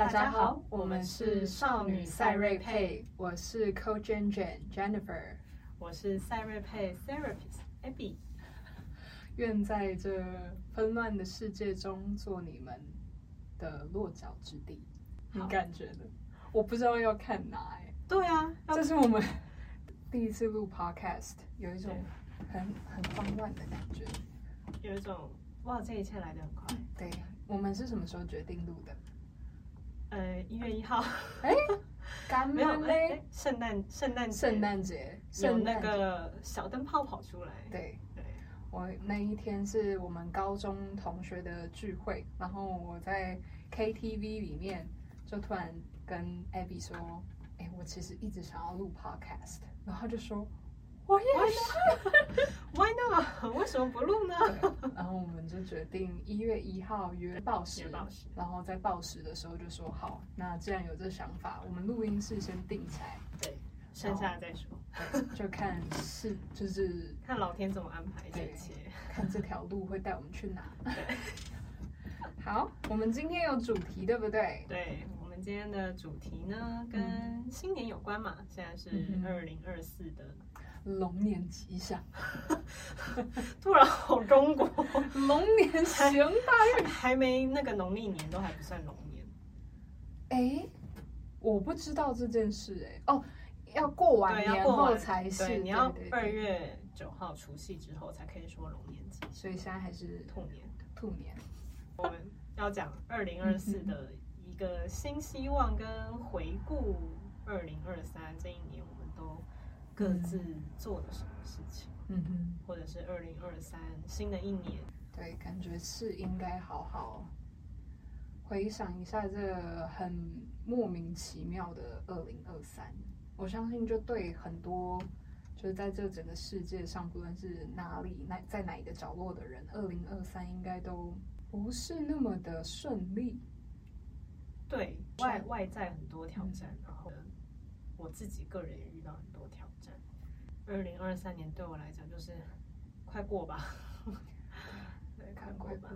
大家好，我們是少女賽瑞佩，我是 Co Jane Jane Jennifer，我是賽瑞佩 Therapist Abby。願 在這紛亂的世界中做你們的落腳之地。你感覺呢？我不知道要看哪，欸。對啊，okay. 這是我們第一次錄 Podcast，有一種很很慌亂的感覺，有一種哇，這一切來得很快。嗯、對，我們是什麼時候決定錄的？呃，一月一號，哎、嗯，欸、 沒有嘞，聖誕聖誕節，聖誕節有那個小燈泡跑出來。對對，我那一天是我們高中同學的聚會，然後我在 KTV 裡面，就突然跟 Abby 說：“哎、欸，我其實一直想要錄 Podcast。”然後他就說。Why not? Why not? 為什麼不錄呢？然後我們就決定一月一號約報時，報時，然後在報時的時候就說好。那既然有這想法，我們錄音室先定起來。對，剩下的再說， 就看是就是看老天怎麼安排這一切，看這條路會帶我們去哪。 對，好，我們今天有主題對不對？對，我們今天的主題呢跟新年有關嘛，嗯、現在是二零二四的。嗯龍年吉祥， 突然好中國。龍 年行大運，還沒那個農曆年都還不算龍年。哎、欸，我不知道這件事誒、欸。哦，要過完年，對，要過完，後才行，你要二月九號除夕之後才可以說龍年吉祥。所以現在還是兔年。兔年， 我們要講二零二四的一個新希望跟回顧二零二三這一年，我們都。各自做了什麼事情？嗯哼，或者是二零二三新的一年，對，感覺是應該好好回想一下這很莫名其妙的二零二三。我相信，就對很多，就是在這整個世界上，不論是哪裡、哪在哪一個角落的人，二零二三應該都不是那麼的順利，對，外，外在很多挑戰，嗯，然後我自己個人也遇到很多挑。二零二三年對我來講就是快過吧， 來看快 吧，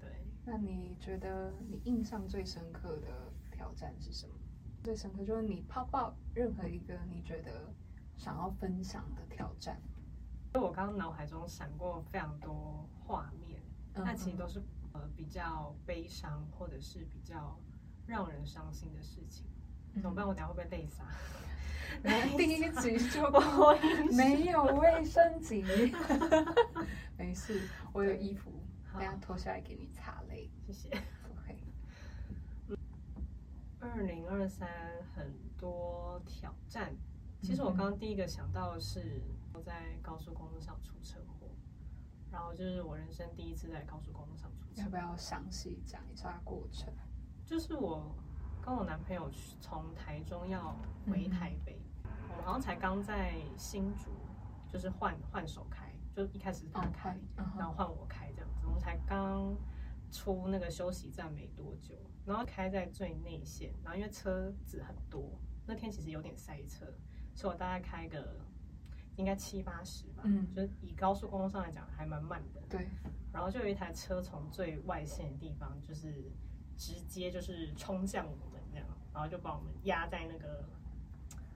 對，那你覺得你印象最深刻的挑戰是什麼？最深刻就是你泡泡任何一個你覺得想要分享的挑戰，就、嗯、我剛剛腦海中閃過非常多畫面，那、嗯嗯、其實都是呃比較悲傷或者是比較讓人傷心的事情。怎麼辦？我等下會不會累死？ 第一集做過，沒有衛生紙， 沒事，我有衣服，等要脫下來給你擦淚，謝謝。OK。二零二三很多挑戰， 其實我剛剛第一個想到的是我在高速公路上出車禍，然後就是我人生第一次在高速公路上出車禍。要不要詳細講一下過程？就是我。跟我男朋友去從台中要回台北，嗯，我們好像才剛在新竹，就是換換手開，就一開始他開，然後換我開這樣子。我們才剛出那個休息站沒多久，然後開在最內線，然後因為車子很多，那天其實有點塞車，所以我大概開個應該七八十吧，嗯，就是以高速公路上來講還蠻慢的，對，然後就有一台車從最外線的地方，就是直接就是衝向我。然後就把我們壓在那個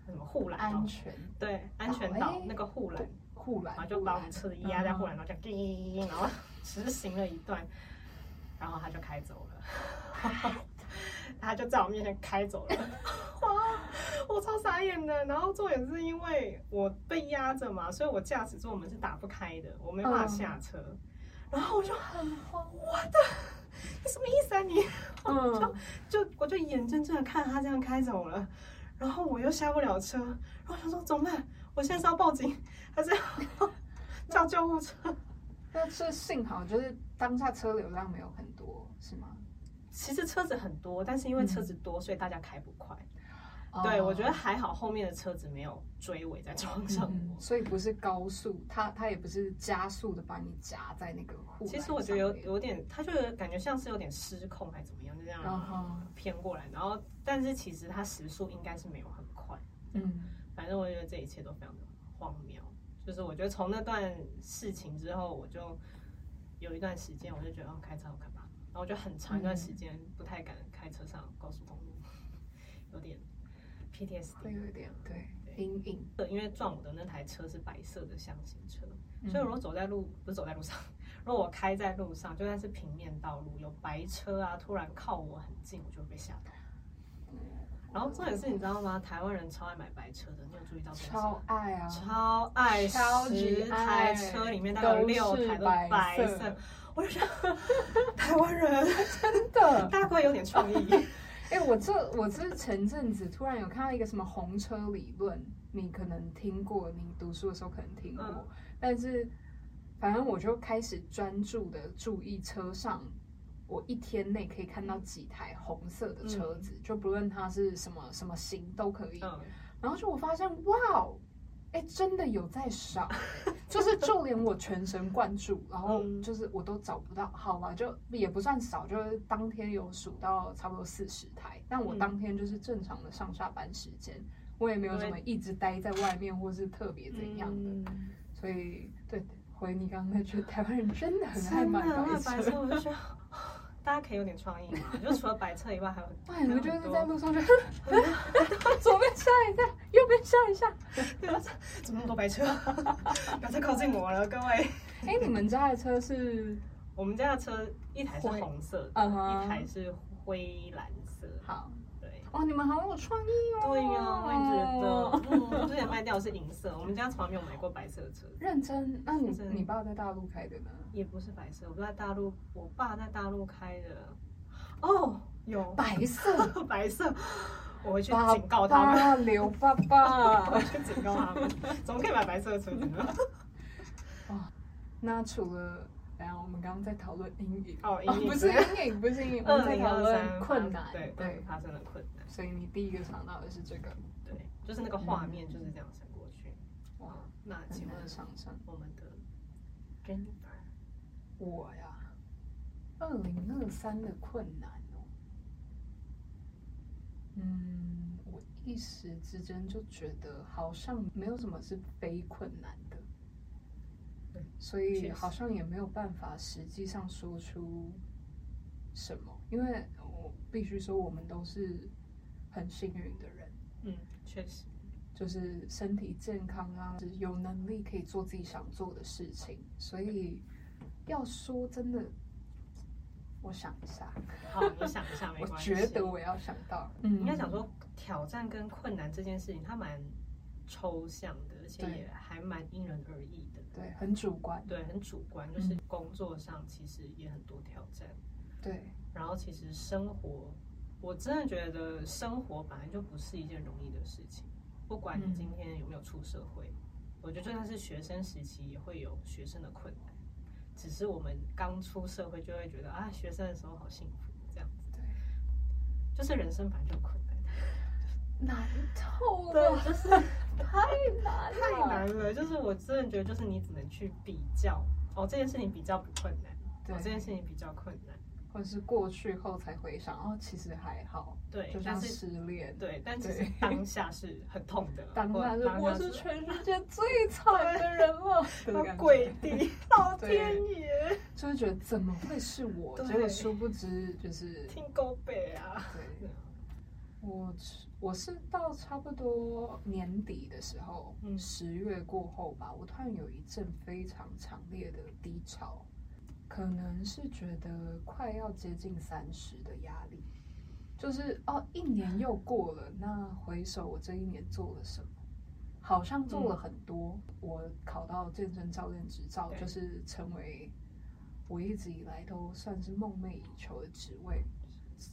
什麼護欄上，對，安全島那個護欄，護欄，然後就把我們車壓在護欄上，然後直行了一段，然後他就開走了， 他就在我面前開走了， 哇，我超傻眼的。然後坐也是因為我被壓着嘛，所以我駕駛座門是打不開的，我沒辦法下車，嗯、然後我就很慌，我的。你什麼意思啊你？嗯，我就就我就眼睜睜的看他這樣開走了，然後我又下不了車，然後想說怎麼辦？我現在是要報警還是要叫救護車？但是幸好就是當下車流量沒有很多是嗎？其實車子很多，但是因為車子多，所以大家開不快。嗯對，oh, 我覺得還好，後面的車子沒有追尾再撞上我，所以不是高速，它它也不是加速的把你夾在那個護欄。其實我覺得有有點，他就覺得感覺像是有點失控還是怎麼樣，就這樣偏過來。Oh, 然後，但是其實他時速應該是沒有很快。嗯，反正我覺得這一切都非常的荒謬。就是我覺得從那段事情之後，我就有一段時間我就覺得哦，開車好可怕。然後我就很長一段時間不太敢開車上高速公路，有點。會有點對，對，陰影對因為撞我的那台車是白色的廂型車，所以我如果走在路，嗯，不是走在路上，如果我開在路上，就算是平面道路，有白車啊，突然靠我很近，我就會被嚇到，嗯。然後重點是，你知道嗎？台灣人超愛買白車的，你有注意到這嗎？超愛啊，超愛，超級愛，十台車裡面都有六台都白色，都是白色。我就想， 台灣灣人 真的，大家會有點創意。 哎、欸，我這我這前陣子突然有看到一個什麼紅車理論，你可能聽過，你讀書的時候可能聽過，嗯、但是反正我就開始專注的注意車上，我一天內可以看到幾台紅色的車子，嗯、就不論它是什麼什麼型都可以、嗯。然後就我發現，哇哦！哎、欸，真的有在少、欸， 就是就連我全神貫注，然後就是我都找不到。嗯，好吧，就也不算少，就是當天有數到差不多四十台、嗯。但我當天就是正常的上下班時間，我也沒有怎麼一直待在外面，或是特別怎樣的，嗯、所以對回你剛剛那句，覺得台灣人真的很愛買東西。大家可以有點創意嗎？ 就除了白車以外，還有很多。你們就是在路上，左邊下一下，右邊下一下，對啊，怎麼那麼多白車？把 車 靠近我了，各位。哎、欸，你們家的車是 我們家的車，一台是紅色的， 一台是灰藍色。 好。哇、哦，你們好有創意哦！對呀，我也覺得。 嗯，我之前賣掉的是銀色，我們家從來沒有買過白色的車。認真？那、啊、你你爸在大陸開的呢？也不是白色，我在大陸，我爸在大陸開的。哦，有白色，白色， 白色我回去警告他們，劉爸爸，爸爸 我去警告他們，怎麼可以買白色的車呢、？ 哦？那除了……然後我們剛剛在討論英語、oh, 哦，不是英語，不是英語，我們在討論困、困難，對對，發生了困難，所以你第一個想到的是這個，對，就是那個畫面、嗯、就是這樣伸過去、嗯，哇，那請問上上，我們的 Jennifer 我呀，二零二三的困難哦，嗯，我一時之間就覺得好像沒有什麼是非困難。嗯、所以好像也沒有辦法，實際上說出什麼，因為我必須說，我們都是很幸運的人。嗯，確實，就是身體健康啊，就是、有能力可以做自己想做的事情。所以要說真的，我想一下， 好，你想一下，我覺得我要想到，嗯、應該想說挑戰跟困難這件事情，它蠻抽象的，而且也還蠻因人而異的。對，很主觀。對，很主觀，就是工作上其實也很多挑戰，嗯。對，然後其實生活，我真的覺得生活本來就不是一件容易的事情，不管你今天有沒有出社會，嗯，我覺得就算是學生時期也會有學生的困難。只是我們剛出社會就會覺得啊，學生的時候好幸福這樣子。對，就是人生本來就困難。難透了，對，就是太難， 太難了。 就是我真的覺得，就是你只能去比較，哦，這件事情比較不困難，對，這件事情比較困難，或者是過去後才回想，哦，其實還好。對，就像失戀。對，但其實當下是很痛的。當下，當下是，我是全世界最慘的人了。我、就是、鬼地，老 天爺，就會覺得怎麼會是我？真的殊不知，就是聽狗北啊。對。我去。我是到差不多年底的時候，嗯，十月過後吧，我突然有一陣非常強烈的低潮，可能是覺得快要接近三十的壓力，就是哦，一年又過了，那回首我這一年做了什麼？好像做了很多。嗯、我考到健身教練執照，就是成為我一直以來都算是夢寐以求的職位。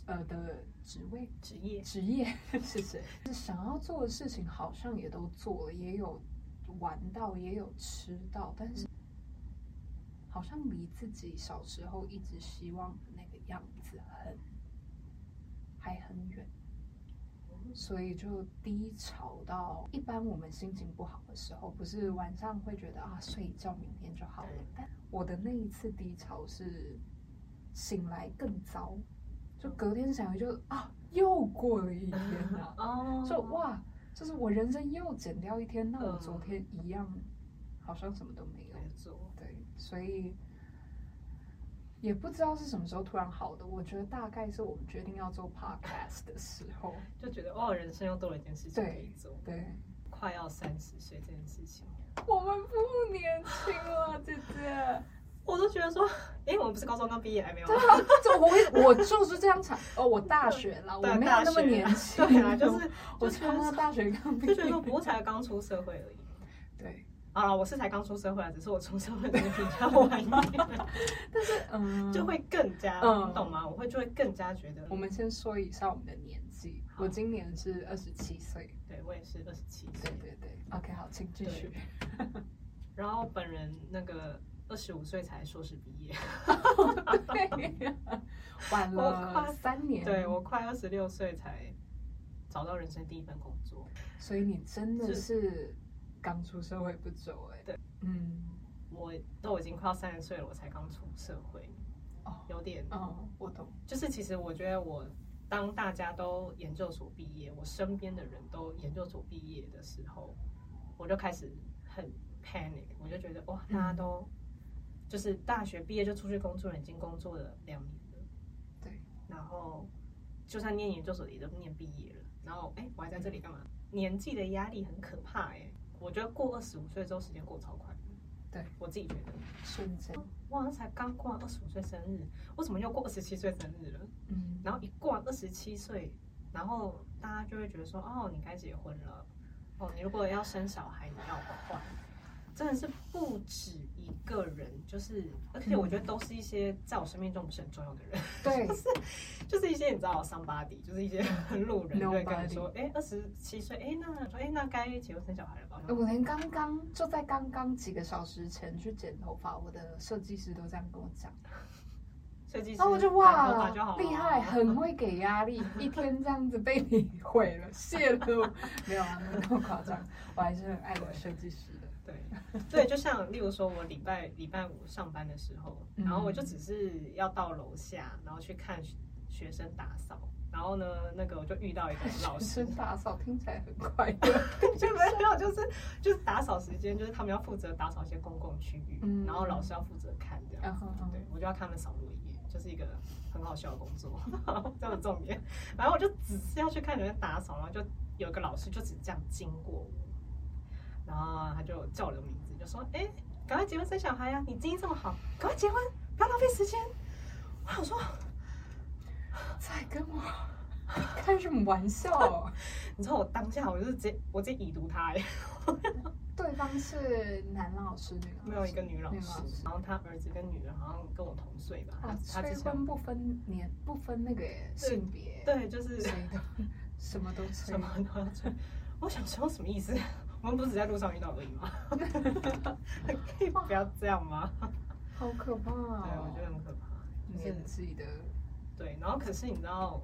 呃的職位、職業、職業，謝 謝。想要做的事情好像也都做了，也有玩到，也有吃到，但是、嗯、好像離自己小時候一直希望的那個樣子很、嗯、還很遠，所以就低潮到。一般我們心情不好的時候，不是晚上會覺得、嗯、啊，睡一覺明天就好了、嗯。但我的那一次低潮是醒來更糟。就隔天想就，就啊，又過了一天了。 哦，就哇，就是我人生又減掉一天，那我昨天一樣、呃，好像什麼都沒有沒做。對，所以也不知道是什麼時候突然好的。我覺得大概是我們決定要做 podcast 的時候，就覺得哇，人生又多了一件事情可以做。對，對快要三十歲這件事情，我們不年輕了，姐 姐。我都覺得說，哎、欸，我們不是高中剛畢業還沒有？對啊， 這 我我就是這樣才哦，我大學啦，我沒有那麼年輕、啊，對啊對，就是我從大學剛畢業，就覺得不過才剛出社會而已。對，好、啊、我是才剛出社會啊，只是我出社會的比較晚一點。 但是嗯，就會更加，嗯、你懂嗎？我會就會更加覺得。我們先說一下我們的年紀。我今年是二十七歲，對我也是二十七歲，對對對。OK，好，請繼續。 然後本人那個。二十五歲才碩士畢業，oh,，對，晚 了三年。對，我快二十六歲才找到人生第一份工作，所以你真的是剛出社會不久哎、欸。對，嗯，我都已經快要三十歲了，我才剛出社會。Oh, 有點，嗯，我懂。就是其實我覺得，我當大家都研究所畢業，我身邊的人都研究所畢業的時候，我就開始很 panic，我就覺得，哇、哦嗯，大家都。就是大學畢業就出去工作了，已經工作了兩年了。對，然後就算念研究所也都念畢業了。然後哎、欸，我還在這裡幹嘛？嗯、年紀的壓力很可怕哎、欸，我覺得過二十五歲之後時間過超快。對，我自己覺得。瞬間，我好像才剛過二十五歲生日，我怎麼又過二十七歲生日了？嗯，然後一過二十七歲，然後大家就會覺得說，哦，你該結婚了。哦，你如果要生小孩，你要快。真的是不止一個人，就是而且我覺得都是一些在我生命中不是很重要的人，對、嗯， 就是一些你知道桑巴迪，somebody, 就是一些路人、Nobody. 對，會跟你說，哎、欸，二十七歲，哎、欸，那哎、欸，那該結婚生小孩了吧？我連剛剛就在剛剛幾個小時前去剪頭髮，我的設計師都這樣跟我講，設計師，那我就哇厲害，很會給壓力， 一天這樣子被你毀了，洩露， 沒有啊，那麼誇張，我還是很愛我的設計師。 對，對，就像例如說我，我禮拜禮拜五上班的時候，然後我就只是要到樓下，然後去看學生打掃，然後呢，那個我就遇到一個老師打掃，聽起來很快樂 就沒有，就是就是打掃時間，就是他們要負責打掃一些公共區域， 然後老師要負責看這樣， 對，我就要看他們掃落葉，就是一個很好笑的工作， 這樣的重點，然後我就只是要去看人家打掃，然後就有一個老師就只這樣經過我，然後他就叫了名字，就說：“哎，趕快結婚生小孩啊！你基因這麼好，趕快結婚，不要浪費時間。”我我說，在 跟我開什麼玩笑，啊？ 你知道我當下，我就是接，我直接已讀他，欸。 對方是男老師，女老師沒有一個女老，女老師。然後他兒子跟女兒好像跟我同歲吧。哦，催婚不分年，不分那個性別。對，就是。誰都什麼都什麼都要催。我想說，什麼意思？ 我們不是只在路上遇到而已嗎？可 以不要這樣嗎？好可怕、哦！啊。對，我覺得很可怕。你、就是自己的，對。然後可是你知道，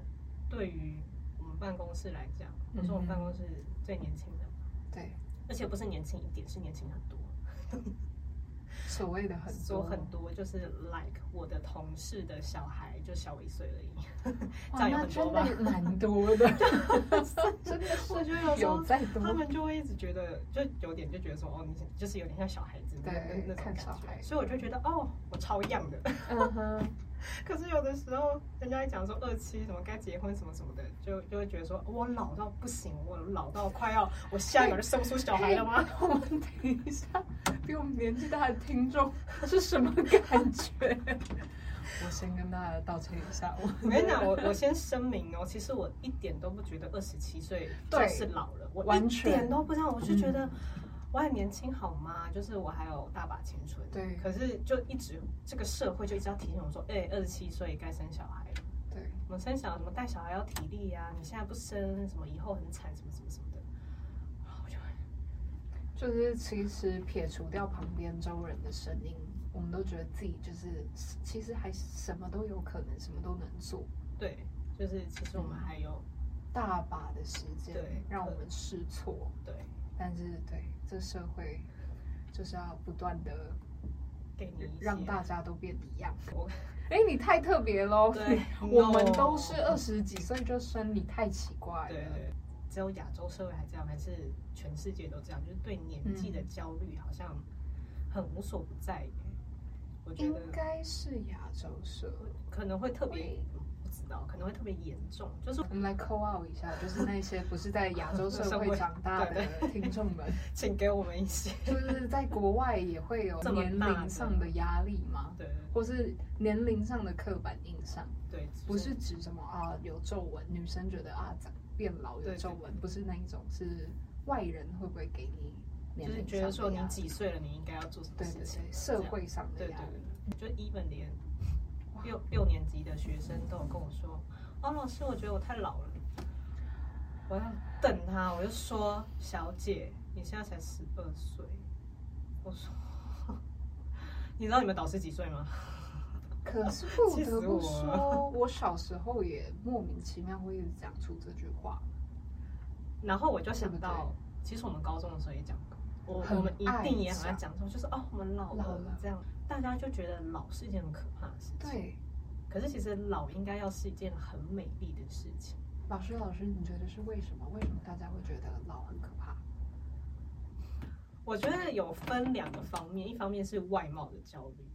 對於我們辦公室來講、嗯，我說我們辦公室最年輕的。對，而且不是年輕一點，是年輕很多。所謂的很多，很多、很多就是，like 我的同事的小孩就小我一歲而已，這樣有很多吧？真的蠻多的。 有在多，他們就會一直覺得，就有點就覺得說，哦，你就是有點像小孩子，那對那，那種感覺。所以我就覺得，哦，我超樣的。 uh -huh. 可是有的時候，人家講說二七什麼該結婚什麼什麼的，就就會覺得說、哦，我老到不行，我老到快要，我下一個就生不出小孩了嗎？ 我們等一下，比我們年紀大的聽眾是什麼感覺？ 我先跟大家道歉一下，我 沒吶、啊，我我先聲明哦，其實我一點都不覺得二十七歲就是老了，我完全都不知道，我就覺得我很年輕好嗎、嗯。就是我還有大把青春，對。可是就一直這個社會就一直要提醒我說，哎、欸，二十七歲該生小孩了，對。我們生小孩什麼帶小孩要體力呀、啊，你現在不生什麼以後很慘，什麼什麼什麼的，然後就會就是其實撇除掉旁邊周圍人的聲音。我們都覺得自己就是，其實還是什麼都有可能，什麼都能做。對，就是其實我們還有、嗯、大把的時間讓我們試錯。對，但是對這社會就是要不斷的給你讓大家都變一樣。我 哎、欸，你太特別嘍！對， 我們都是二十幾歲就生理，你太奇怪了。對，對，對，只有亞洲社會還這樣，還是全世界都這樣？就是對年紀的焦慮好像很無所不在。我應該是亞洲社，嗯、可能會特別會不知道，可能會特別嚴重。就是我們來 call out 一下，就是那些不是在亞洲社會長大的 聽眾，對對，聽眾們，請給我們一些。就是在國外也會有年齡上的壓力嗎？對，或是年齡上的刻板印象。對，就是、不是指什麼啊，有皺紋，女生覺得啊，長變老有皺紋，不是那一種，是外人會不會給你？就是覺得說你幾歲了，你應該要做什麼事情對對對？社會上對對對，就 even 連六六年級的學生都有跟我說：“啊、哦，老師，我覺得我太老了，我要等他。”我就說：“小姐，你現在才十二歲。”我說：“ 你知道你們導師幾歲嗎？” 可是不得不說， 我小時候也莫名其妙會一直講出這句話。 然後我就想到，其實我們高中的時候也講過。我我們一定也很愛講說就是哦，我們老了、老了，我們這樣，大家就覺得老是一件很可怕的事情。對，可是其實老應該要是一件很美麗的事情。老師，老師，你覺得是為什麼？為什麼大家會覺得老很可怕？我覺得有分兩個方面，一方面是外貌的焦慮、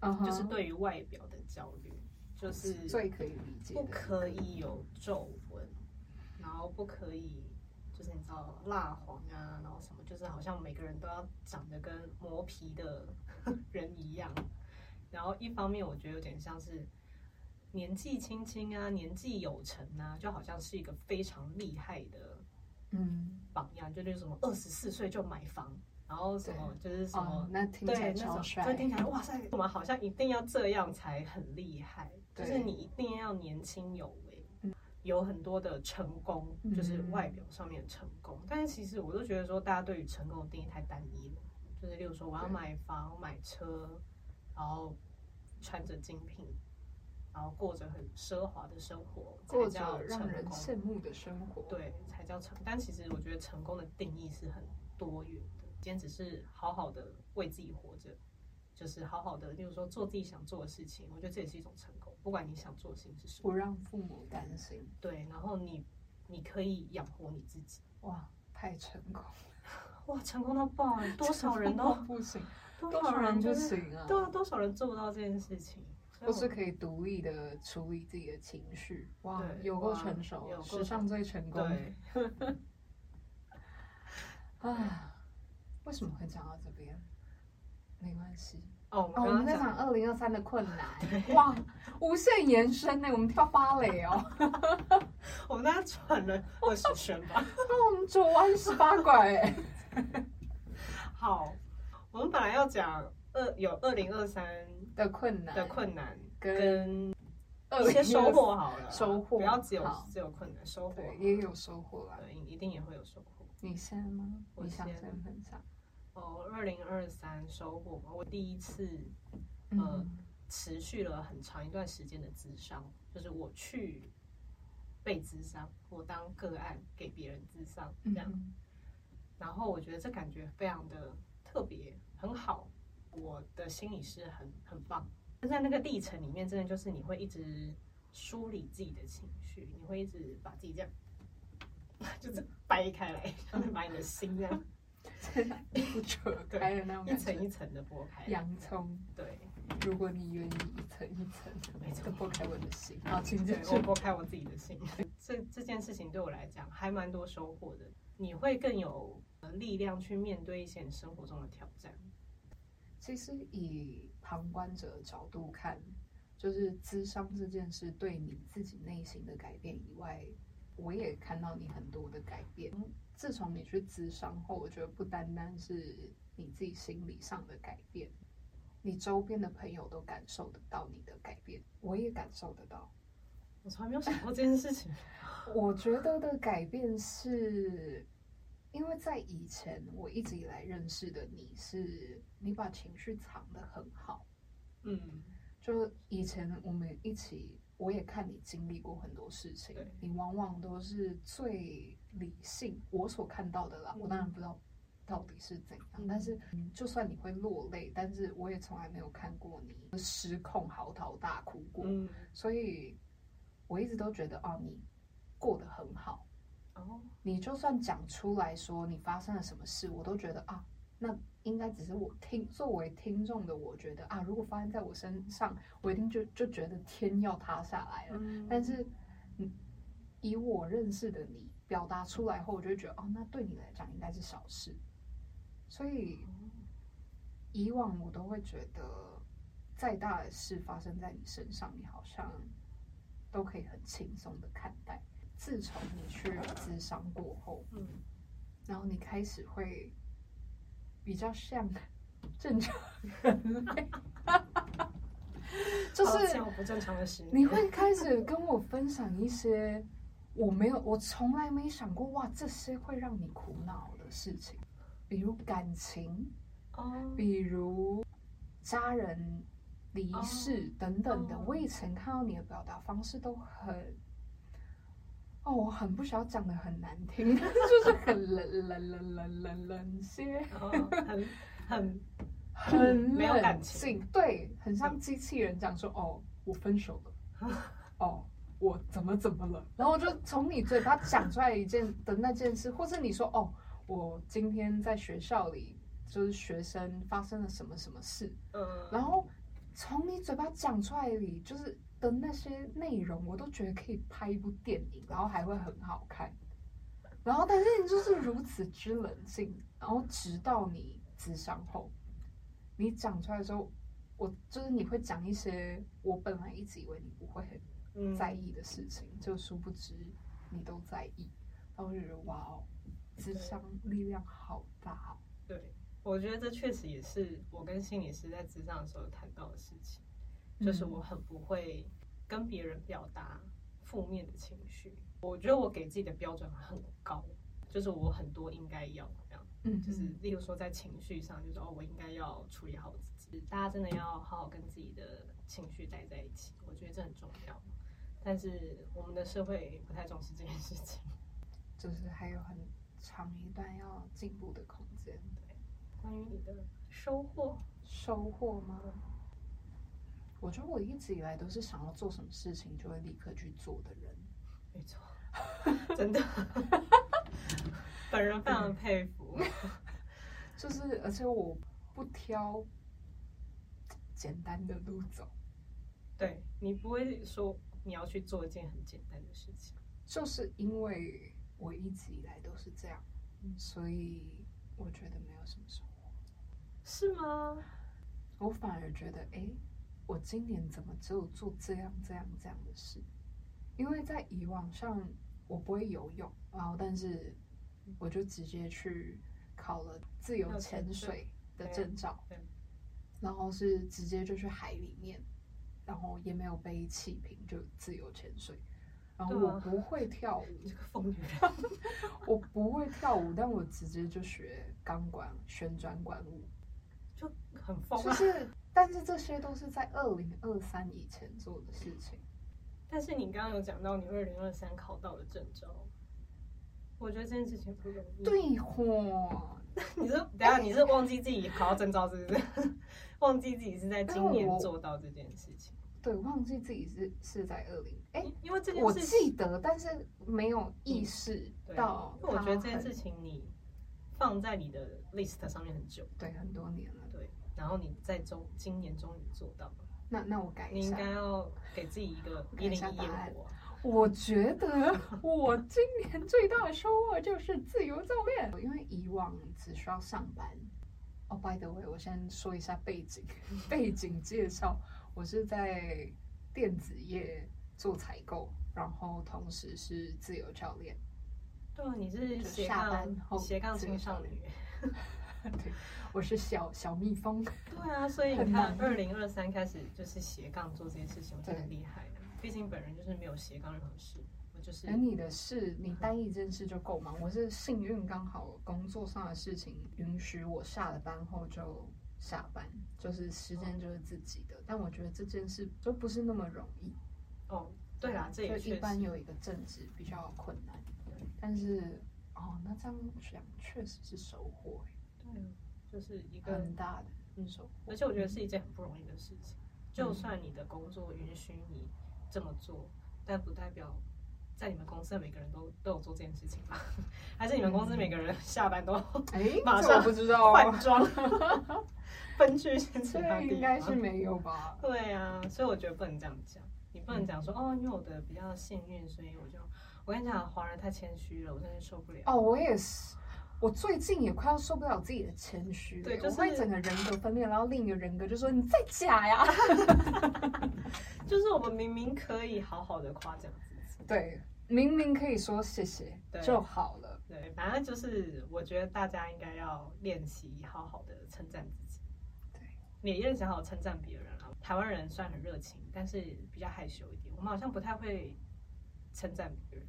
uh -huh，就是對於外表的焦慮，就是最可以理解，不可以有皺紋，然後不可以。就是你知道蠟黃啊，然後什麼，就是好像每個人都要長得跟磨皮的人一樣。然後一方面我覺得有點像是年紀輕輕啊，年紀有成啊，就好像是一個非常厲害的嗯榜樣，嗯，就那種什麼二十四歲就買房，然後什麼就是什麼，oh, try. 那種聽起來超帥。對，那聽起來哇塞，我們好像一定要這樣才很厲害，就是你一定要年輕有。有很多的成功，就是外表上面的成功、嗯，但是其實我都覺得說，大家對於成功的定義太單一了。就是例如說，我要買房、買車，然後穿着精品，然後過着很奢華的，的生活，才叫成功，讓人羨慕的生活。對，才叫成。但其實我覺得成功的定義是很多元的，今天只是好好的為自己活着。就是好好的，就是說做自己想做的事情，我覺得這也是一種成功。不管你想做的事情是什麼，不讓父母擔心。對，然後你你可以養活你自己，哇，太成功了，哇，成功到爆了！多少人都不行，多少，就是、 多少人不行啊？多多少人做不到這件事情？或是可以獨立的處理自己的情緒？哇，有夠成熟，時尚最成功。成 啊，為什麼會講到這邊？沒關係哦，我們在講二零二三的困難哇，無限延伸呢、欸，我們跳芭蕾哦， 我們大家轉了二十圈吧，那我們左彎十八拐、欸，好，我們本來要講二有二零二三的困難的困難跟一些收穫好了，收穫不要只有只有困難，收穫也有收穫，對，一定也會有收穫。你先嗎？我先想先分享。哦、oh，二零二三收穫，我第一次，呃，嗯、持續了很長一段時間的諮商，就是我去，被諮商，我當個案給別人諮商，這樣、嗯，然後我覺得這感覺非常的特別，很好，我的心理師很很棒，但在那個歷程裡面，真的就是你會一直梳理自己的情緒，你會一直把自己這樣，就是掰開來，然後把你的心這樣。 不扯 一層一層的開的那種一層一層的剝開洋蔥，對。如果你願意一層一層的每剝開，開我的心，啊，請支持剝開我自己的心。這這件事情對我來講還蠻多收穫的，你會更有力量去面對一些你生活中的挑戰。其實以旁觀者的角度看，就是諮商這件事對你自己內心的改變以外，我也看到你很多的改變。自從你去諮商後，我覺得不單單是你自己心理上的改變，你周邊的朋友都感受得到你的改變，我也感受得到。我從來沒有想過這件事情。 我覺得的改變是，因為在以前我一直以來認識的你是，你把情緒藏得很好。嗯，就以前我們一起。我也看你經歷過很多事情，你往往都是最理性。我所看到的啦，嗯，我當然不知道到底是怎樣。嗯、但是，就算你會落淚，但是我也從來沒有看過你失控嚎啕大哭過。嗯、所以我一直都覺得啊，你過得很好。哦，你就算講出來說你發生了什麼事，我都覺得啊，那。應該只是我聽作為聽眾的，我覺得啊，如果發生在我身上，我一定就就覺得天要塌下來了、嗯。但是，以我認識的你表達出來後，我就覺得哦，那對你來講應該是小事。所以，以往我都會覺得，再大的事發生在你身上，你好像都可以很輕鬆的看待。自從你去了諮商過後，嗯，然後你開始會，比較像正常人類，就是不正常的你會開始跟我分享一些我沒有、我從來沒想過，哇，這些會讓你苦惱的事情，比如感情，哦，比如家人離世等等的，我以前看到你的表達方式都很。哦、oh,，我很不想講的很難聽。 就是很冷冷冷冷冷冷，冷些，oh, 很很 很沒有感情，對，很像機器人講說、mm -hmm. 哦，我分手了，huh? 哦，我怎麼怎麼了， 然後就從你嘴巴講出來一件的那件事， 或者你說哦，我今天在學校裡就是學生發生了什麼什麼事，嗯、uh...，然後從你嘴巴講出來裡就是。的那些內容，我都覺得可以拍一部電影，然後還會很好看。然後，但是你就是如此之冷靜。然後，直到你諮商後，你講出來之後，我就是你會講一些我本來一直以為你不會很在意的事情，嗯，就殊不知你都在意。然後我就覺得哇哦，諮商力量好大哦。對，我覺得這確實也是我跟心理師在諮商的時候談到的事情。就是我很不會跟別人表達負面的情緒，我覺得我給自己的標準很高，就是我很多應該要這樣，嗯，就是例如說在情緒上，就是哦，我應該要處理好自己，大家真的要好好跟自己的情緒待在一起，我覺得這很重要，但是我們的社會不太重視這件事情，就是還有很長一段要進步的空間，對，關於你的收穫，收穫嗎？我覺得我一直以來都是想要做什麼事情就會立刻去做的人，沒錯，真的， 本人非常佩服。 就是，而且我不挑簡單的路走對，對你不會說你要去做一件很簡單的事情，就是因為我一直以來都是這樣，所以我覺得沒有什麼收穫是嗎？我反而覺得，哎、欸。我今年怎麼只有做這樣這樣這樣的事？因為在以往上我不會游泳，然後但是我就直接去考了自由潛水的證照，然後是直接就去海裡面，然後也沒有背氣瓶就自由潛水。然後我不會跳舞，這個瘋女人，我不會跳舞，但我直接就學鋼管旋轉管舞，就很瘋啊。但是這些都是在二零二三以前做的事情。嗯、但是你剛剛有講到你二零二三考到了證照，我覺得這件事情不容易。對嚯！你是等下、欸、你是忘記自己考到證照是不是？欸？忘記自己是在今年做到這件事情。對，忘記自己是是在二零哎，因為這件事情我記得，但是沒有意識到。嗯、因為我覺得這件事情你放在你的 list 上面很久，對，很多年了。然後你在中今年終於做到了，那那我改一下，你應該要給自己一個一零一、啊、我覺得我今年最大的收穫就是自由教練， 因為以往只需要上班。哦、oh,，by the way，我先說一下背景， 背景介紹，我是在電子業做採購， 然後同時是自由教練。對，你是斜槓下班後斜槓青少年。 對，我是小小蜜蜂。對啊，所以你看，二零二三開始就是斜槓做這件事情，我真的很厲害。畢竟本人就是沒有斜槓任何事，我就是。等、呃、你的事，你單一件事就夠忙？我是幸運，剛好工作上的事情允許我下了班後就下班，就是時間就是自己的。哦、但我覺得這件事都不是那麼容易。哦，對啊，對啊，這也就一般有一個正職比較困難，但是哦，那這樣想確實是收穫。嗯，就是一個很大的分手，而且我覺得是一件很不容易的事情。嗯、就算你的工作允許你這麼做、嗯，但不代表在你們公司的每個人都都有做這件事情吧？嗯、還是你們公司每個人下班都、欸、馬上不知道換裝分居？這 應該是沒有吧？對啊，所以我覺得不能這樣講。你不能講說、嗯、哦，你有的比較幸運，所以我就我跟你講，華人太謙虛了，我真的受不了。哦、oh，我也是。我最近也快要受不了自己的謙虛，對，就是會整個人格分裂，然後另一個人格就說你在假呀， 就是我們明明可以好好的誇獎自己，對，明明可以說謝謝就好了，對，反正就是我覺得大家應該要練習好好的稱讚自己，對，你也練習好稱讚別人啊。台灣人雖然很熱情，但是比較害羞一點，我們好像不太會稱讚別人，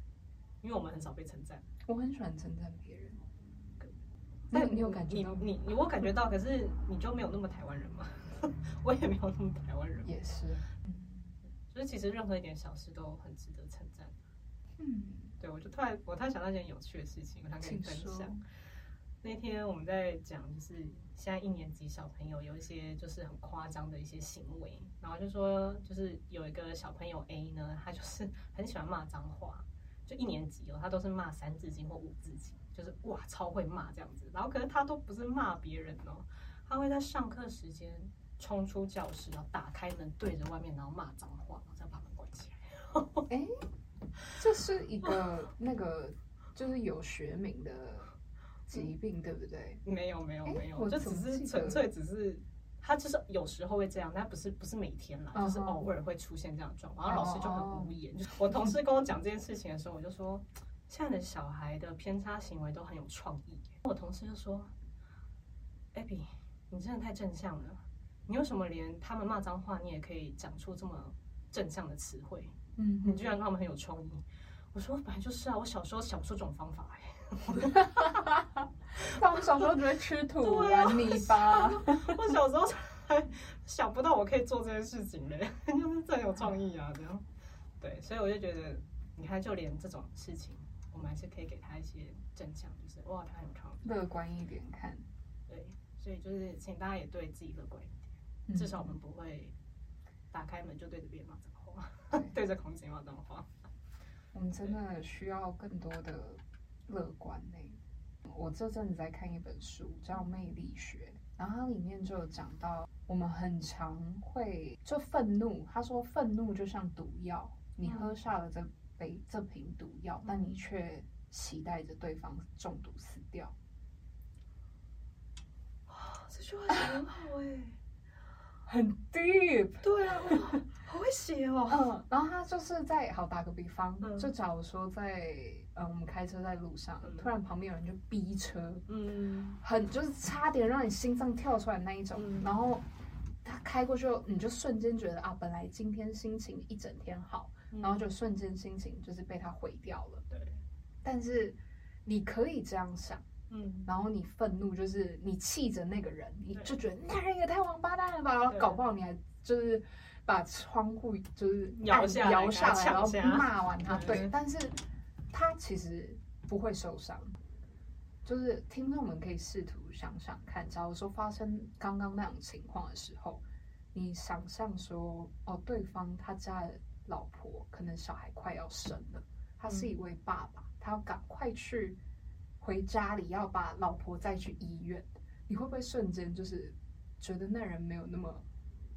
因為我們很少被稱讚。我很喜歡稱讚別人。你沒，但你有感，你你你我感覺到，可是你就沒有那麼台灣人嗎？ 我也沒有那麼台灣人，也是。就是其實任何一點小事都很值得稱讚。嗯，對，我就突然我突然想到一件有趣的事情，我想跟你分享。那天我們在講，就是現在一年級小朋友有一些就是很誇張的一些行為，然後就說就是有一個小朋友 A 呢，他就是很喜歡罵髒話，就一年級哦，他都是罵三字經或五字經。就是哇，超會罵這樣子，然後可是他都不是罵別人哦、喔，他會在上課時間衝出教室，然後打開門對着外面然後罵髒話，然後再把門關起來。哎、欸， 這是一個那個就是有學名的疾病，嗯、對不對？沒有沒有沒有、欸，就只是純粹只是，只是他就是有時候會這樣，但不是不是每天啦，Uh-oh. 就是偶爾會出現這樣的狀況，然後老師就很無言。Uh-oh. 就是我同事跟我講這件事情的時候，我就說。 現在的小孩的偏差行為都很有創意。我同事就說：“Abby，你真的太正向了，你有什麼連他們罵髒話，你也可以講出這麼正向的詞彙？嗯，你居然讓他們很有創意。”我說：“本來就是啊，我小時候想不出這種方法哎， 但我小時候只會吃土、啊、玩泥巴。我小時候還想不到我可以做這些事情嘞， 就是真有創意啊！這樣，對，所以我就覺得，你看，就連這種事情。”我們還是可以給他一些正向，就是哇，他有創樂觀一點看，對，所以就是請大家也對自己樂觀一點，嗯，至少我們不會打開門就對着別人罵髒話，對着 空氣罵髒話。我們真的需要更多的樂觀呢。我這陣子在看一本書叫《魅力學》，然後它裡面就有講到，我們很常會就憤怒，他說憤怒就像毒藥，你喝下了這。嗯被這瓶毒藥，嗯、但你卻期待着對方中毒死掉。這句話很好哎、欸， 很 deep。對啊，好會寫哦、 嗯。然後他就是在好打個比方，嗯、就假如說在嗯我們開車在路上，嗯、突然旁邊有人就逼車，嗯，很就是差點讓你心臟跳出來那一種、嗯。然後他開過去後，你就瞬間覺得啊，本來今天心情一整天好。然後就瞬間心情就是被他毀掉了。對，但是你可以這樣想，嗯，然後你憤怒就是你氣着那個人，你就覺得那人也太王八蛋了吧，然後搞不好你還就是把窗戶就是搖下，搖下，搖下來，然後罵完他。對，對，但是他其實不會受傷。就是聽眾們可以試圖想想看，假如說發生剛剛那種情況的時候，你想象說哦，對方他家的。老婆可能小孩快要生了，他是一位爸爸，嗯、他要趕快去回家裡，要把老婆帶去醫院。你會不會瞬間就是覺得那人沒有那麼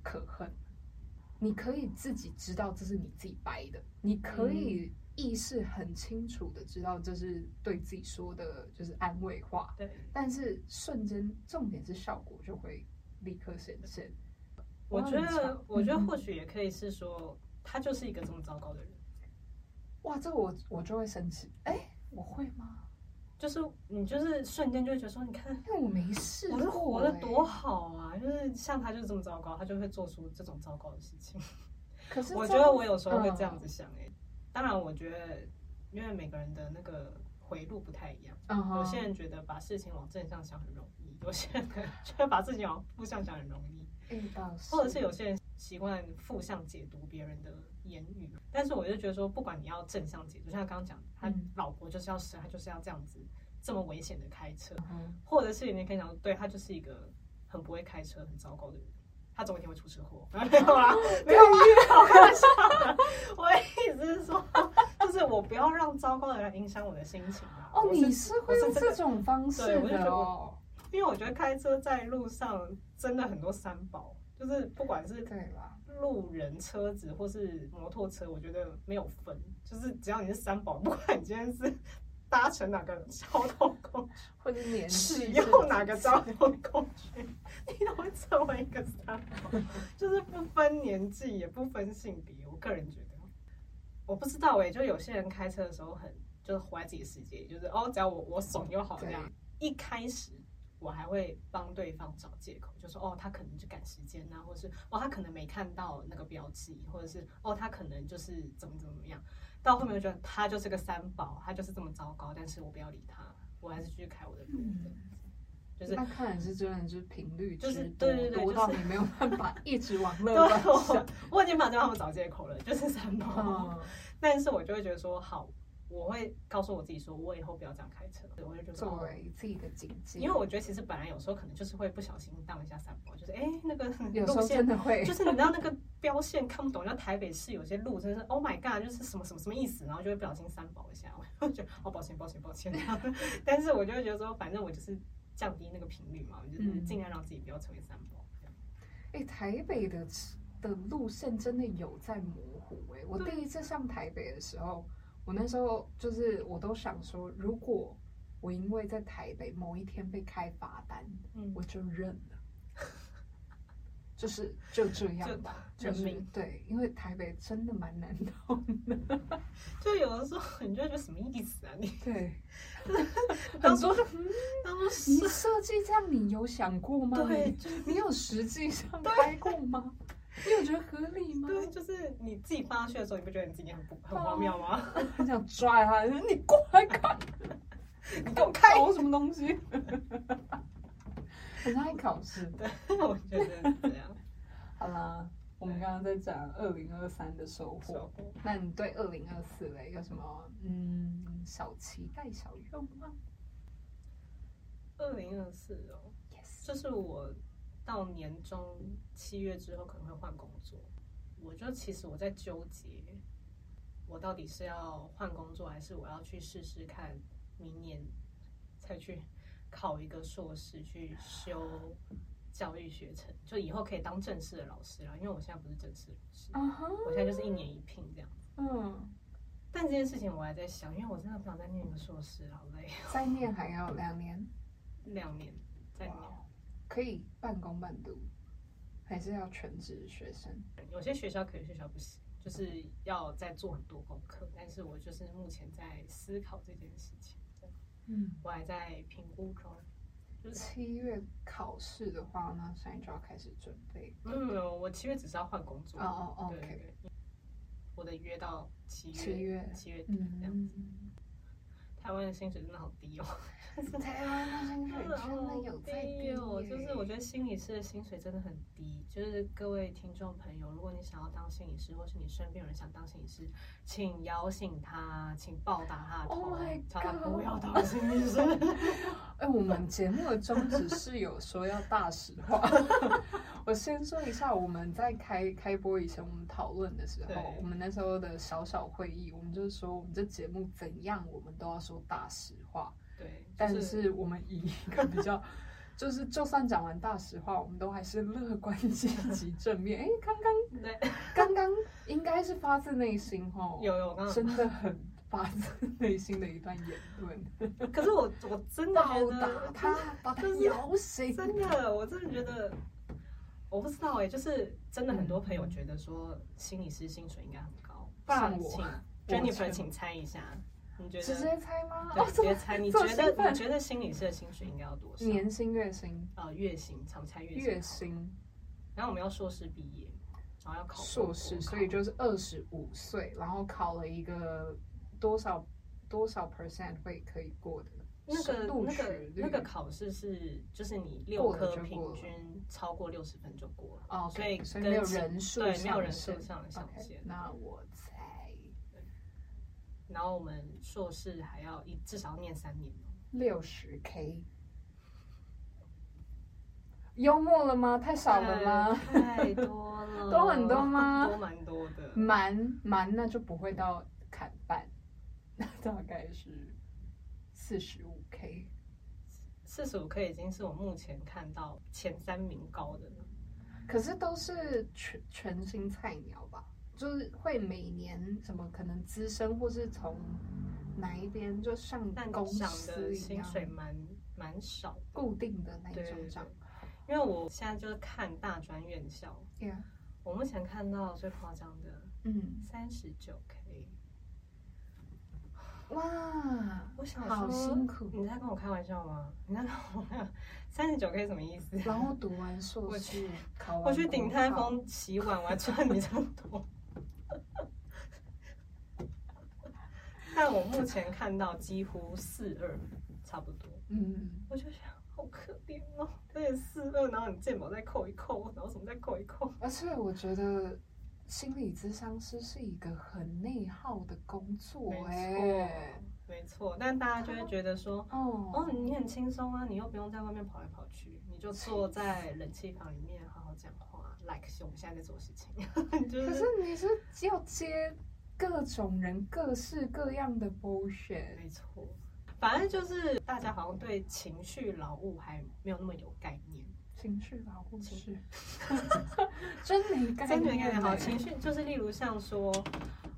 可恨、嗯？你可以自己知道這是你自己掰的，你可以意識很清楚的知道這是對自己說的，就是安慰話。對，但是瞬間，重點是效果就會立刻顯現。我覺得，我覺得或許也可以是說、嗯。他就是一個這麼糟糕的人，哇！這我我就會生氣，哎，我會嗎？就是你就是瞬間就會覺得說，你看我沒事，我是活得多好啊！就是像他就是這麼糟糕，他就會做出這種糟糕的事情。可是我覺得我有時候會這樣子想，哎，當然我覺得因為每個人的那個回路不太一樣，有些人覺得把事情往正向想很容易，有些人覺得把事情往負向想很容易，遇或者是有些人。習慣負向解讀別人的言語，但是我就覺得說，不管你要正向解讀，像剛剛講他老婆就是要生，他就是要這樣子這麼危險的開車、嗯，或者是你可以講，對他就是一個很不會開車、很糟糕的人，他總有一天會出車禍。 沒有啦，沒有啦。 我一直說，就是我不要讓糟糕的人影響我的心情。哦，是你是會用這種方式、哦，對，我就覺得，因為我覺得開車在路上真的很多三寶。就是不管是路人、車子，或是摩托車，我覺得沒有分，就是只要你是三寶，不管你今天是搭乘哪個交通工具或，就是，使用哪個交通工具，你都會成為一個三寶， 就是不分年紀，也不分性別。我個人覺得，我不知道哎，欸，就有些人開車的時候很就是活在自己世界，就是哦，只要我我爽就好這樣，okay. 一開始。我還會幫對方找借口，就說哦，他可能就趕時間吶、啊，或者是哦，他可能沒看到那個標記，或者是哦，他可能就是怎麼怎麼樣。到後面就覺得他就是個三寶，他就是這麼糟糕，但是我不要理他，我還是繼續開我的路、嗯。就是，看的是就是頻率，就是，是，就是、就是、對，對對對，多到你沒有辦法一直往樂觀想。 我已經把他們找借口了，就是三寶、嗯，但是我就會覺得說好。我會告訴我自己說，我以後不要這樣開車。對，我就覺得作為自己的警戒，因為我覺得其實本來有時候可能就是會不小心當一下三寶，就是哎那個路線有時候真的會就是你知道那個標線看不懂，你 台北市有些路真的是 Oh my god，就是什麼什麼什麼意思，然後就會不小心三寶一下，我就覺得哦、oh, 抱歉抱歉抱歉這樣。但是我就覺得說，反正我就是降低那個頻率嘛，就是盡量讓自己不要成為三寶、嗯。台北的的路線真的有在模糊哎、欸，我第一次上台北的時候。我那時候就是，我都想說，如果我因為在台北某一天被開罰單，嗯，我就認了， 就是就這樣吧，就是對，因為台北真的蠻難懂的，就有的時候你就覺得什麼意思啊？你對，當時當時設計這樣，你有想過嗎？對就是，你有實際上開過嗎？ 你有覺得合理嗎？對，就是你自己發上去的時候，你不覺得你自己很不很荒謬嗎？很 想抓他，你過來看， 你給我開，我什麼東西？ 好像在考試， 對，我覺得這樣。 好啦，我們剛剛在講二零二三的收穫，那你對二零二四有一個什麼 嗯小期待小嗎、小願望？二零二四哦，Yes，這是我。到年中七月之後可能會換工作，我就其實我在糾結，我到底是要換工作，還是我要去試試看明年，再去考一個碩士，去修教育學程，就以後可以當正式的老師了。因為我現在不是正式老師，uh -huh. 我現在就是一年一聘這樣子。嗯、uh -huh.，但這件事情我還在想，因為我真的不想再念一個碩士，好累。再念還要兩年，兩年再念。Wow. 可以半工半讀，還是要全職學生？有些學校可能學校不行，就是要再做很多功課。但是我就是目前在思考這件事情，嗯，我還在評估中。就七月考試的話呢，所以就要開始準備。沒有沒有，我七月只是要換工作哦哦，Oh, okay. 對,對,對，我得約到七月，七月，七月底這樣子。嗯台灣的薪水真的好低哦！ 台灣的薪水真的有在、 啊、低哦！就是我覺得心理師的薪水真的很低。就是各位聽眾朋友，如果你想要當心理師，或是你身邊有人想當心理師，請搖醒他，請暴打他的頭，叫、oh、他不要當心理師。哎、 欸，我們節目的宗旨是有說要大實話。 我先說一下，我們在開開播以前，我們討論的時候，我們那時候的小小會議，我們就是說，我們這節目怎樣，我們都要說大實話。對，就是、但是我們以一個比較， 就是就算講完大實話，我們都還是樂觀積極正面。哎、 欸，剛剛，剛剛應該是發自內心哦， 有有，真的很發自內心的一段言論。 可是我我真的好打他咬誰？真的，把他搖醒就是、真的，我真的覺得。我不知道哎、欸，就是真的，很多朋友覺得說心理師薪水應該很高。那我 Jennifer，請，請猜一下，你覺得直接猜嗎？直接、哦、猜？你覺得你覺得心理師的薪水應該要多少？年薪、月薪、呃？月薪？常猜月、月薪。然後我們要碩士畢業，然後要考、考、考碩士考，所以就是二十五歲，然後考了一個多少多少 percent 會可以過的？那個那個那個考試是，就是你六科平均超過六十分就過了哦，所以沒有人數上的上限。Okay, 那我才，然後我們碩士還要一至少要念三年，喔，六十 k，幽默了嗎？太少了嗎？嗯，太多了，都 很多嗎？都蠻多的，蠻蠻那就不會到砍半，那，嗯、 大概是。四十五 k，四十五 k 已經是我目前看到前三名高的了，可是都是全全新菜鳥吧，就是會每年怎麼可能資深或是從哪一邊就上公司的薪水蠻蠻少固定的那一種，那一種，因為我現在就是看大專院校，yeah. 我目前看到最誇張的 39K 嗯，三十九 k。哇，我想說，你在跟我開玩笑嗎？你在跟我，三十九 k 什麼意思？然後讀完碩士，我去，頂台風洗碗，我還賺你這麼多。 但我目前看到幾乎四二，差不多。嗯，嗯，我就想，好可憐哦。有點四二，然後你健保再扣一扣，然後什麼再扣一扣。而、啊、且我覺得。心理諮商師是一個很內耗的工作。欸，沒錯，沒錯。但大家就會覺得說，啊 oh. 哦，你很輕鬆啊，你又不用在外面跑來跑去，你就坐在冷氣房裡面好好講話。like，我們現在在做事情，就是，可是你是要接各種人，各式各樣的 l s h i t 沒錯。反正就是大家好像對情緒勞務還沒有那麼有概念。情緒保護，情緒，真沒概念，真沒概念。好，情緒就是，例如像說，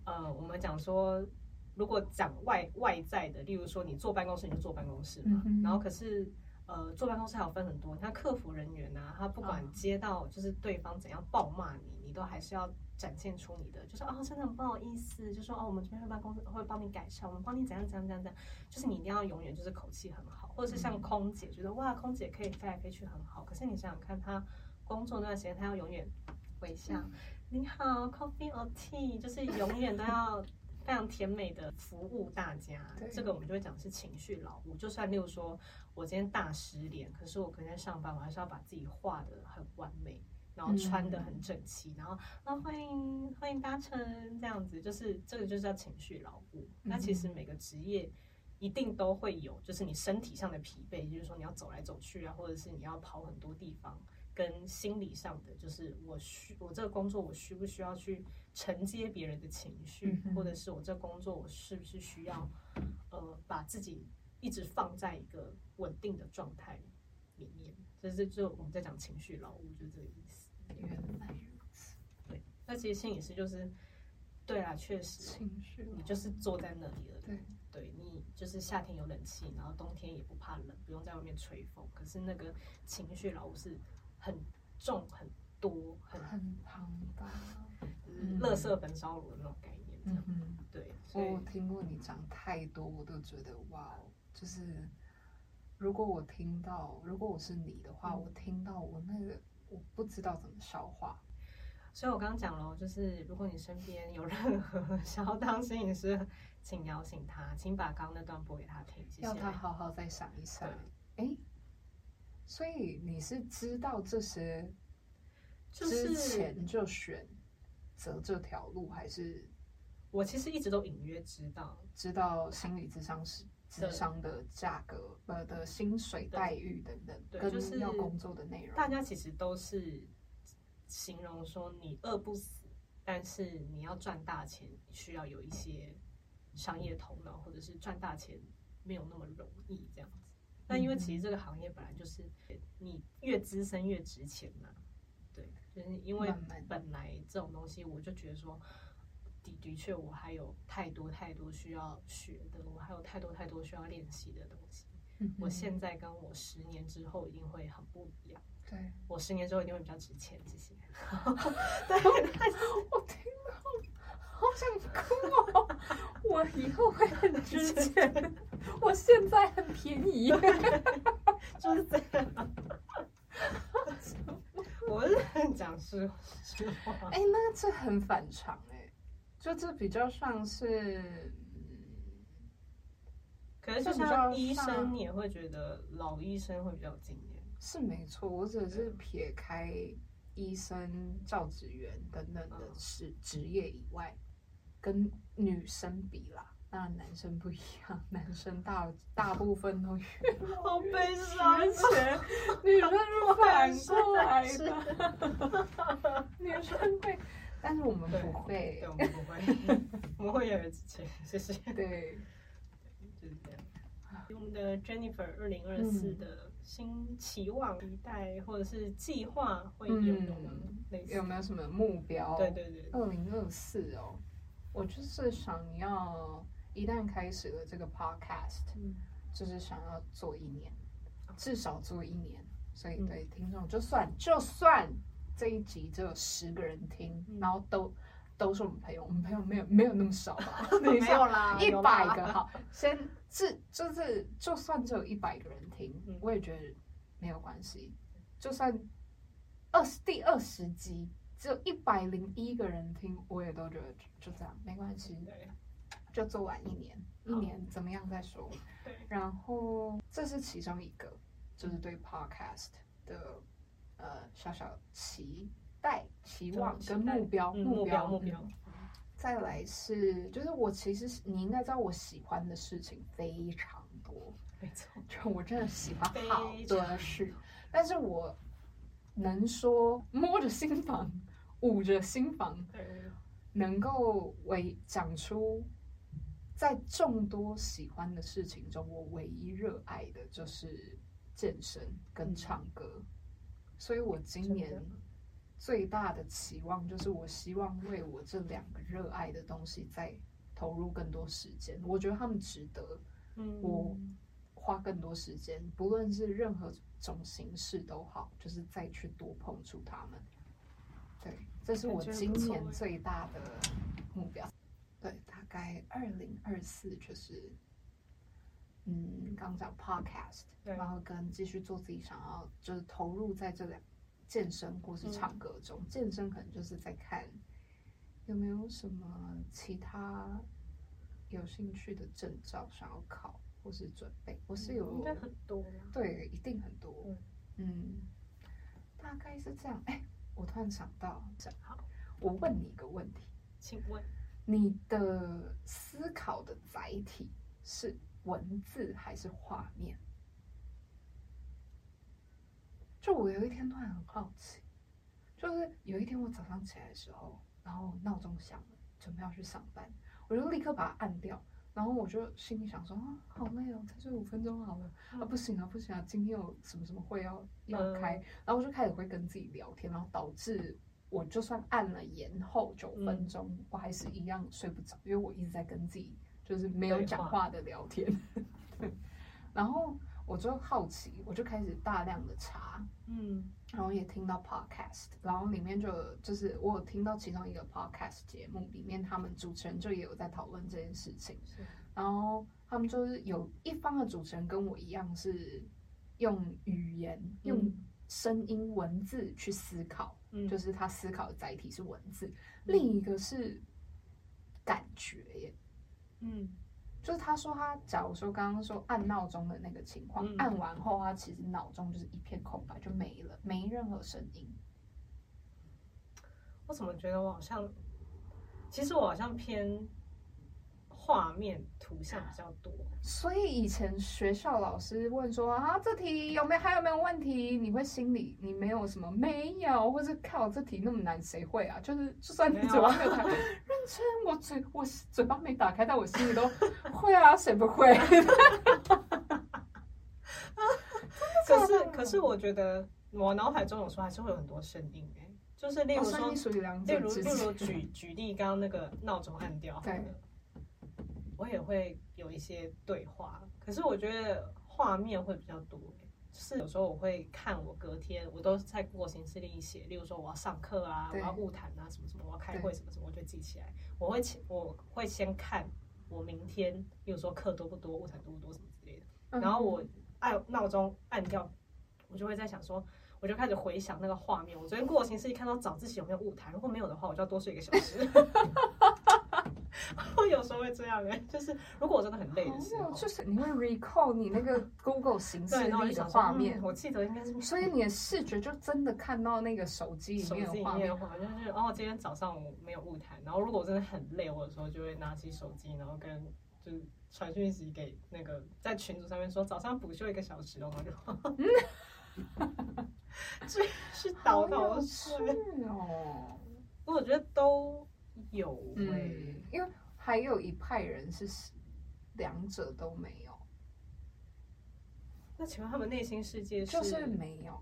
呃，我們講說，如果講外外在的，例如說，你坐辦公室，你就坐辦公室嘛。然後可是，呃，坐辦公室還有分很多，他客服人員啊，他不管接到就是對方怎樣暴罵你。都還是要展現出你的，就是哦，真的很不好意思，就說哦，我們這邊會辦公室會幫你改善，我們幫你怎樣，怎樣怎樣怎樣怎樣，就是你一定要永遠就是口氣很好，或者是像空姐，覺得、嗯、哇，空姐可以飛來飛去很好，可是你想想看，她工作那段時間她要永遠微笑，你好，coffee or tea，就是永遠都要非常甜美的服務大家， 這個我們就會講是情緒勞務。就算例如說我今天大失聯，可是我隔天上班我還是要把自己畫的很完美。然後穿的很整齊，嗯、然後啊，然後歡迎歡迎搭乘，這樣子就是這個就是叫情緒勞務、嗯、那其實每個職業一定都會有，就是你身體上的疲憊，就是說你要走來走去啊，或者是你要跑很多地方，跟心理上的，就是我需我這個工作我需不需要去承接別人的情緒，嗯、或者是我這個工作我是不是需要呃把自己一直放在一個穩定的狀態裡面，就是就我們在講情緒勞，勞務，就這個。原來如此，對，那其實心理師就是，對啦，確實，情緒，你就是坐在那裡了，對，對，你就是夏天有冷氣，然後冬天也不怕冷，不用在外面吹風。可是那個情緒勞務是很重、很多、很很龐大，就、嗯、是垃圾焚燒爐的那種概念。嗯對所以我聽過你講太多，我都覺得哇，就是如果我聽到，如果我是你的話，嗯、我聽到我那個。我不知道怎麼消化，所以我剛剛講了，就是如果你身邊有任何想要當心理師，請邀請他，請把剛剛那段播給他聽，要他好好再想一想。哎、欸，所以你是知道這些，之前就選擇這條路，就是，還是我其實一直都隱約知道，知道心理諮商師。諮商的價格，呃的薪水待遇等等，就是要工作的內容，就是、大家其實都是形容說，你餓不死，但是你要賺大錢，需要有一些商業頭腦，或者是賺大錢沒有那麼容易這樣子。那因為其實這個行業本來就是，你越資深越值錢嘛、啊。對，就是因為本來這種東西，我就覺得說。的的確，我還有太多太多需要學的，我還有太多太多需要練習的東西、嗯。我現在跟我十年之後一定會很不一樣。對，我十年之後一定會比較值錢。這些， 對，我 ，我聽到好想哭！ 我以後會很值錢，我現在很便宜。哈哈哈哈哈！就是、這樣 我是很講實話。哎、欸，那這很反常。就這比較像是，可能就像，就像醫生，你也會覺得老醫生會比較經驗。是沒錯，我只是撇開醫生、教職員等等的事職業以外、嗯，跟女生比啦，那男生不一樣，男生大 大部分都學 以前。好悲傷，女生是反過來的， 女生被。但是我們不會，對，對對我們不會， 我們會有人越支持，謝謝。對，對就是這樣。我們的 Jennifer 二零二四的新期望，一代、嗯、或者是計劃會有有有沒有什麼目標？對對對。二零二四哦，我就是想要一旦開始了這個 Podcast、嗯、就是想要做一年，至少做一年。所以對、嗯、聽眾，就算就算。這一集只有十個人聽，然後都都是我們朋友，我們朋友沒有沒有那麼少吧？ 沒有啦，一百個哈，先這就是就算只有一百個人聽，嗯，我也覺得沒有關係。就算二十第二十集只有一百零一個人聽，我也都覺得就這樣沒關係，就做完一年，一年怎麼樣再說。對，然後這是其中一個，就是對 podcast 的。呃，小小期待、期望跟目標，目標、嗯、目標、嗯、目標、嗯。再來是，就是我其實你應該知道，我喜歡的事情非常多，沒錯，就我真的喜歡好多事。但是我能說摸着心房、捂着心房，對、嗯，能夠為講出，在眾多喜歡的事情中，我唯一熱愛的就是健身跟唱歌。嗯所以，我今年最大的期望就是，我希望為我這兩個熱愛的東西再投入更多時間。我覺得他們值得，嗯，我花更多時間，不論是任何種形式都好，就是再去多碰觸他們。對，這是我今年最大的目標。對，大概二零二四就是。嗯，剛講 podcast，對，然後跟繼續做自己想要，就是投入在這兩健身或是唱歌中，嗯。健身可能就是在看有沒有什麼其他有興趣的證照想要考或是準備。我是有，應該很多。對，一定很多。嗯，嗯，大概是這樣。哎，我突然想到，這樣。好，我問你一個問題，請問你的思考的載體是？文字還是畫面？就我有一天突然很好奇，就是有一天我早上起來的時候，然後鬧鐘響了，準備要去上班，我就立刻把它按掉，然後我就心裡想說啊，好累哦，再睡五分鐘好了，嗯。啊，不行啊，不行啊，今天有什麼什麼會要要開，嗯，然後我就開始會跟自己聊天，然後導致我就算按了延後九分鐘，嗯，我還是一樣睡不着，因為我一直在跟自己。就是沒有講話的聊天， 然後我就好奇，我就開始大量的查，嗯。然後也聽到 podcast，然後裡面就有，就是我有聽到其中一個 podcast 節目，裡面他們主持人就也有在討論這件事情。然後他們就是有一方的主持人跟我一樣是用語言、嗯、用聲音、文字去思考、嗯，就是他思考的載體是文字；嗯、另一個是感覺耶。嗯，就是他說他，假如說剛剛說按鬧鐘的那個情況，嗯，按完後他其實腦中就是一片空白，就沒了，沒任何聲音。我怎麼覺得我好像，其實我好像偏畫面。所以以前學校老師問說啊，這題有沒有還有沒有問題？你會心裡你沒有什麼沒有，或是靠這題那麼難，誰會啊？就是就算你嘴巴沒有打開，認真，我嘴我嘴巴沒打開，但我心裡都 會啊，誰不會？哈可是可是，可是我覺得我腦海中有時候還是會有很多聲音，哎，就是例如說，哦、說例如例如舉舉例，剛剛那個鬧鐘按掉， 對。我也會有一些對話，可是我覺得畫面會比較多。就是有時候我會看，我隔天我都在過行事曆寫，例如說我要上課啊，我要晤談啊，什麼什麼，我要開會什麼什麼，我就記起來。我會我會先看我明天，例如說課多不多，晤談多不多什麼之類的。Uh-huh. 然後我按鬧鐘按掉，我就會在想說，我就開始回想那個畫面。我昨天過行事曆看到早自習有沒有晤談，如果沒有的話，我就要多睡一個小時。 我 有時候會這樣哎、欸，就是如果我真的很累，時候，就是你會 recall 你那個 Google 形式裡的畫面 我、嗯，我記得應該是，所以你的視覺就真的看到那個手機裡面的畫面，面的話，就是哦，今天早上我沒有誤談，然後如果我真的很累，我有時候就會拿起手機，然後跟就是傳訊息給那個在群組上面說早上補休一個小時，喔，然後就哈哈哈哈去去倒、倒。搗哦，我覺得都。有、欸，位、嗯、因為還有一派人是兩者都沒有。那請問他們內心世界是就是沒有，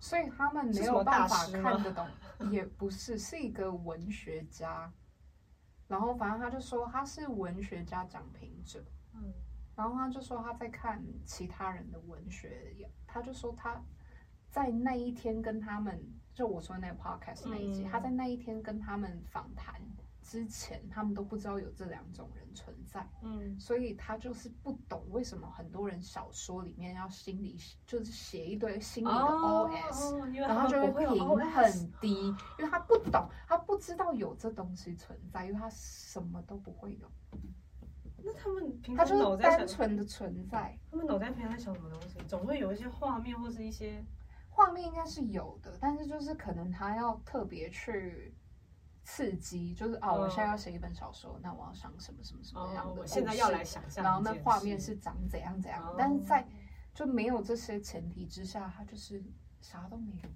所以他們沒有辦法看得懂。也不是是一個文學家，然後反正他就說他是文學家講評者，然後他就說他在看其他人的文學，他就說他。在那一天跟他們，就我說那個 podcast 那一集，嗯，他在那一天跟他們訪談之前，他們都不知道有這兩種人存在。嗯，所以他就是不懂為什麼很多人小說裡面要心理，就是寫一堆心理的 OS，哦，然後就會評很，很低，因為他不懂，他不知道有這東西存在，因為他什麼都不會有。那他們平常腦袋單純的存在，在嗯，他們腦袋平常在想什麼東西？總會有一些畫面或是一些。畫面應該是有的，但是就是可能他要特別去刺激，就是啊，oh. 我現在要寫一本小說，那我要想什麼什麼什麼樣的故事，oh, 我現在要來想象，然後那畫面是長怎樣怎樣。Oh. 但是在就沒有這些前提之下，他就是啥都沒有，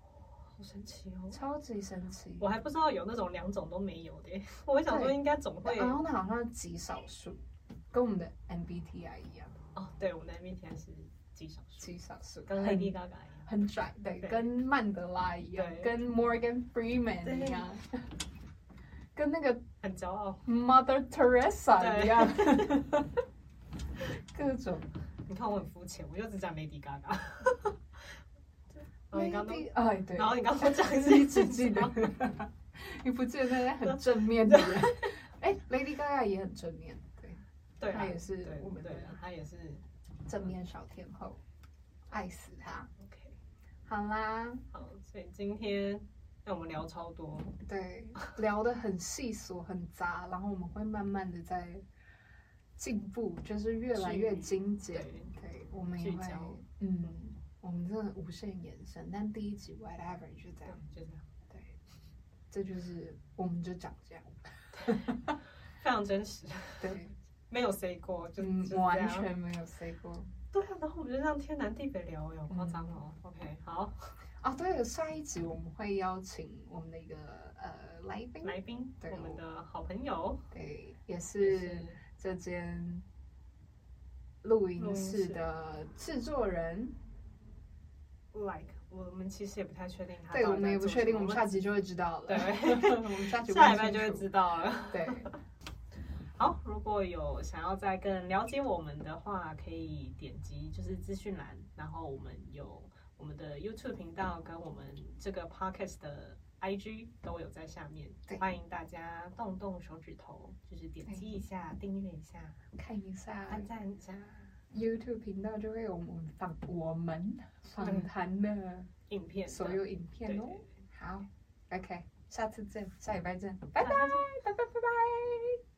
好神奇哦，超級神奇！我還不知道有那種兩種都沒有的。我想說應該總會，然後那好像極少數，跟我們的 MBTI 一樣哦。Oh, 對，我們的 MBTI 是。極少跟 Lady Gaga 一樣很拽，對，對，跟曼德拉一樣，跟 Morgan Freeman 一樣，啊、跟那個、Mother、很驕傲 Mother Teresa 一樣， 各種。你看我很膚淺，我就只講 Lady Gaga。我剛剛哎，對，然後你剛剛講是一直記得， 你不記得那些很正面的？人。哎、 欸、，Lady Gaga 也很正面，對，對啊，他也是我們的對的、啊，他也是。正面小天後、嗯，愛死他。OK，好啦，好，所以今天讓我們聊超多，對， 聊得很細瑣，很雜，然後我們會慢慢的在進步，就是越來越精簡。對，對，對，我們也會嗯，嗯，我們真的無限延伸，但第一集 whatever 就這樣，就這樣，對，這就是我們就長這樣， 非常真實。對。沒有 say 過，就、嗯、就完全沒有 say 過。對啊，然後我們就讓天南地北聊有誇張哦、嗯。OK，好啊。對，下一集我們會邀請我們的一個呃來賓，來賓，對我們的好朋友，對，也是這間錄音室的製作人。Like，我們其實也不太確定。對，我們也不確定，我們下集就會知道了。對，我 們下集 下禮拜就會知道了。 對。好，如果有想要再更了解我們的話，可以點擊就是資訊欄，然後我們有我們的 YouTube 頻道跟我們這個 Podcast 的 IG 都有在下面，歡迎大家動動手指頭，就是點擊一下、哎、訂閱一下、看一下、按讚一下。YouTube 頻道就會有我們訪我們訪談的影、嗯、片，所有影片哦。對對對對好，OK，下次見，嗯、下禮拜見，拜拜，拜拜，拜拜。